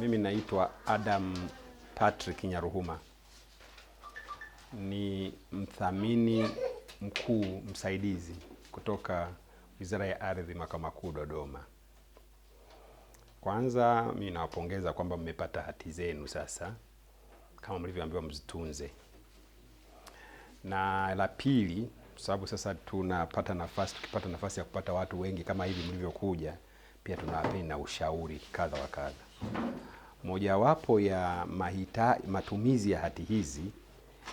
Mimi naitwa Adam Patrick Nyaruhuma, ni mthamini mkuu msaidizi kutoka Wizara ya Ardhi, makao makuu Dodoma. Kwanza mimi nawapongeza kwamba mmepata hati zenu sasa kama mlivyoambiwa mzitunze, na la pili, sababu sasa tunapata nafasi, tukipata nafasi ya kupata watu wengi kama hivi mlivyokuja, pia tunawapeni na ushauri kadha wa kadha. Mojawapo ya mahita, matumizi ya hati hizi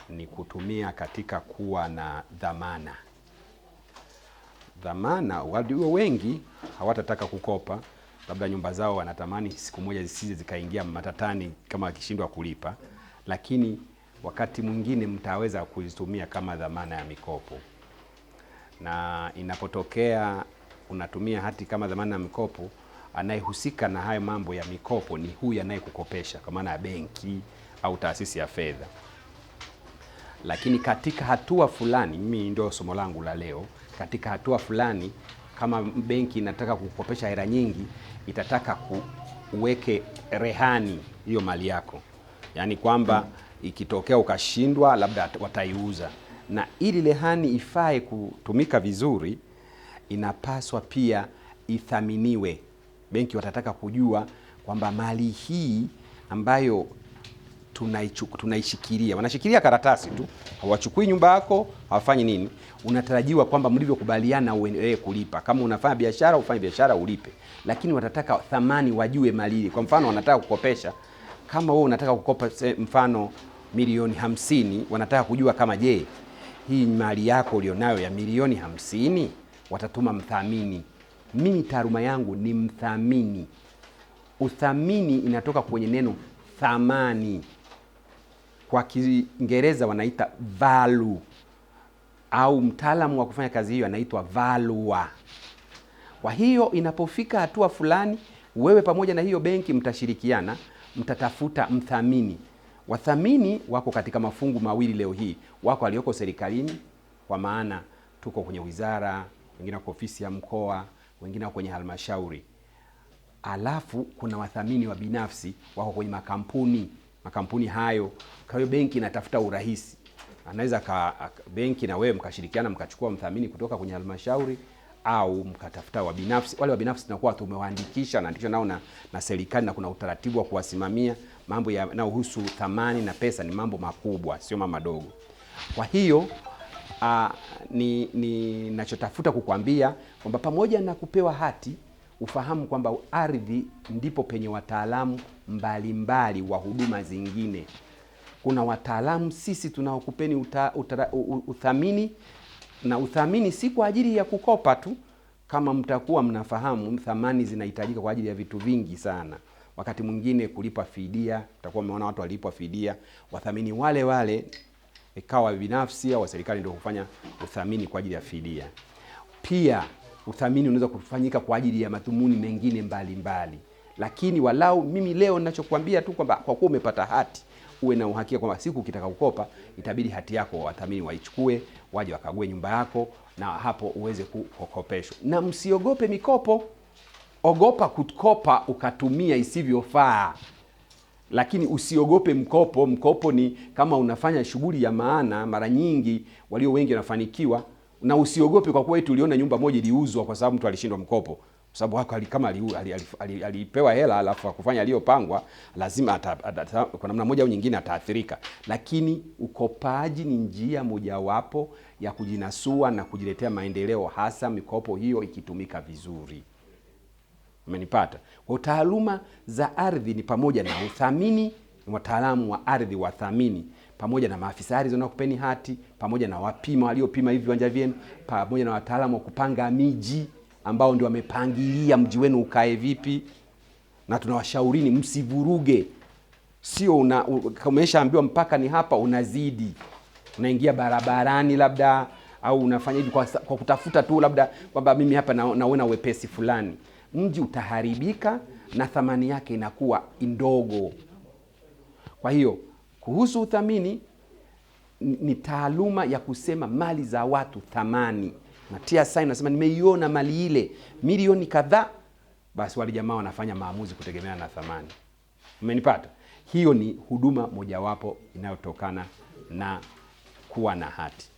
ni kutumia katika kuwa na dhamana. Dhamana, walio wengi hawatataka kukopa, labda nyumba zao wanatamani siku moja zisije zikaingia matatani kama wakishindwa kulipa, lakini wakati mwingine mtaweza kuzitumia kama dhamana ya mikopo. Na inapotokea unatumia hati kama dhamana ya mikopo anayehusika na hayo mambo ya mikopo ni huyu anayekukopesha kwa maana ya benki au taasisi ya fedha. Lakini katika hatua fulani, mimi ndio somo langu la leo, katika hatua fulani, kama benki inataka kukopesha hela nyingi, itataka kuweke rehani hiyo mali yako, yaani kwamba ikitokea ukashindwa, labda wataiuza, na ili rehani ifae kutumika vizuri, inapaswa pia ithaminiwe benki watataka kujua kwamba mali hii ambayo tunaishikilia, wanashikilia karatasi tu, hawachukui nyumba yako, hawafanyi nini. Unatarajiwa kwamba mlivyokubaliana uendelee kulipa. Kama unafanya biashara, ufanye biashara ulipe, lakini watataka thamani, wajue mali ile. Kwa mfano, wanataka kukopesha, kama wewe unataka kukopa mfano milioni hamsini, wanataka kujua kama je, hii mali yako ulionayo ya milioni hamsini, watatuma mthamini mimi taaluma yangu ni mthamini. Uthamini inatoka kwenye neno thamani, kwa Kiingereza wanaita value, au mtaalamu wa kufanya kazi hiyo anaitwa valua. Kwa hiyo inapofika hatua fulani, wewe pamoja na hiyo benki mtashirikiana, mtatafuta mthamini. Wathamini wako katika mafungu mawili leo hii, wako walioko serikalini, kwa maana tuko kwenye wizara, wengine wako ofisi ya mkoa wengine wako kwenye halmashauri, alafu kuna wathamini wa binafsi wako kwenye makampuni makampuni hayo. Kwa hiyo benki inatafuta urahisi, anaweza benki na wewe mkashirikiana mkachukua mthamini kutoka kwenye halmashauri au mkatafuta wa binafsi. Wale wa binafsi tunakuwa tumewaandikisha naandikisha nao na, na serikali na kuna utaratibu wa kuwasimamia. Mambo yanayohusu thamani na pesa ni mambo makubwa, sio madogo. Kwa hiyo uh, ni ninachotafuta kukwambia kwamba pamoja na kupewa hati ufahamu kwamba ardhi ndipo penye wataalamu mbalimbali wa huduma zingine. Kuna wataalamu sisi tunaokupeni uta, uta, uthamini na uthamini si kwa ajili ya kukopa tu. Kama mtakuwa mnafahamu, thamani zinahitajika kwa ajili ya vitu vingi sana. Wakati mwingine kulipa fidia, mtakuwa mmeona watu walipwa fidia, wathamini wale wale ikawa binafsi au serikali ndio hufanya uthamini kwa ajili ya fidia. Pia uthamini unaweza kufanyika kwa ajili ya madhumuni mengine mbalimbali mbali. Lakini walau mimi leo ninachokuambia tu kwamba kwa kuwa umepata hati uwe na uhakika kwamba siku ukitaka kukopa itabidi hati yako wathamini waichukue waje wakague nyumba yako, na hapo uweze kukopeshwa. Na msiogope mikopo, ogopa kukopa ukatumia isivyofaa lakini usiogope mkopo. Mkopo ni kama unafanya shughuli ya maana, mara nyingi walio wengi wanafanikiwa. Na usiogope kwa kuwa tuliona nyumba moja iliuzwa kwa sababu mtu alishindwa mkopo, kwa sababu hako kama alipewa ali, ali, ali, ali hela alafu akufanya aliyopangwa, lazima ata, ata, kwa namna moja au nyingine ataathirika. Lakini ukopaji ni njia mojawapo ya kujinasua na kujiletea maendeleo, hasa mikopo hiyo ikitumika vizuri. Umenipata? Kwa taaluma za ardhi ni pamoja na uthamini, wataalamu wa ardhi wathamini, pamoja na maafisa ardhi wanaokupeni hati, pamoja na wapima waliopima hivi viwanja vyenu, pamoja na wataalamu wa kupanga miji ambao ndio wamepangilia mji wenu ukae vipi, na tunawashaurini msivuruge. Sio umeshaambiwa mpaka ni hapa, unazidi unaingia barabarani labda, au unafanya hivi kwa, kwa kutafuta tu labda kwamba mimi hapa naona na wepesi fulani mji utaharibika na thamani yake inakuwa ndogo. Kwa hiyo kuhusu uthamini ni taaluma ya kusema mali za watu thamani, natia saini, nasema nimeiona mali ile milioni kadhaa, basi wale jamaa wanafanya maamuzi kutegemeana na thamani. Umenipata? Hiyo ni huduma mojawapo inayotokana na kuwa na hati.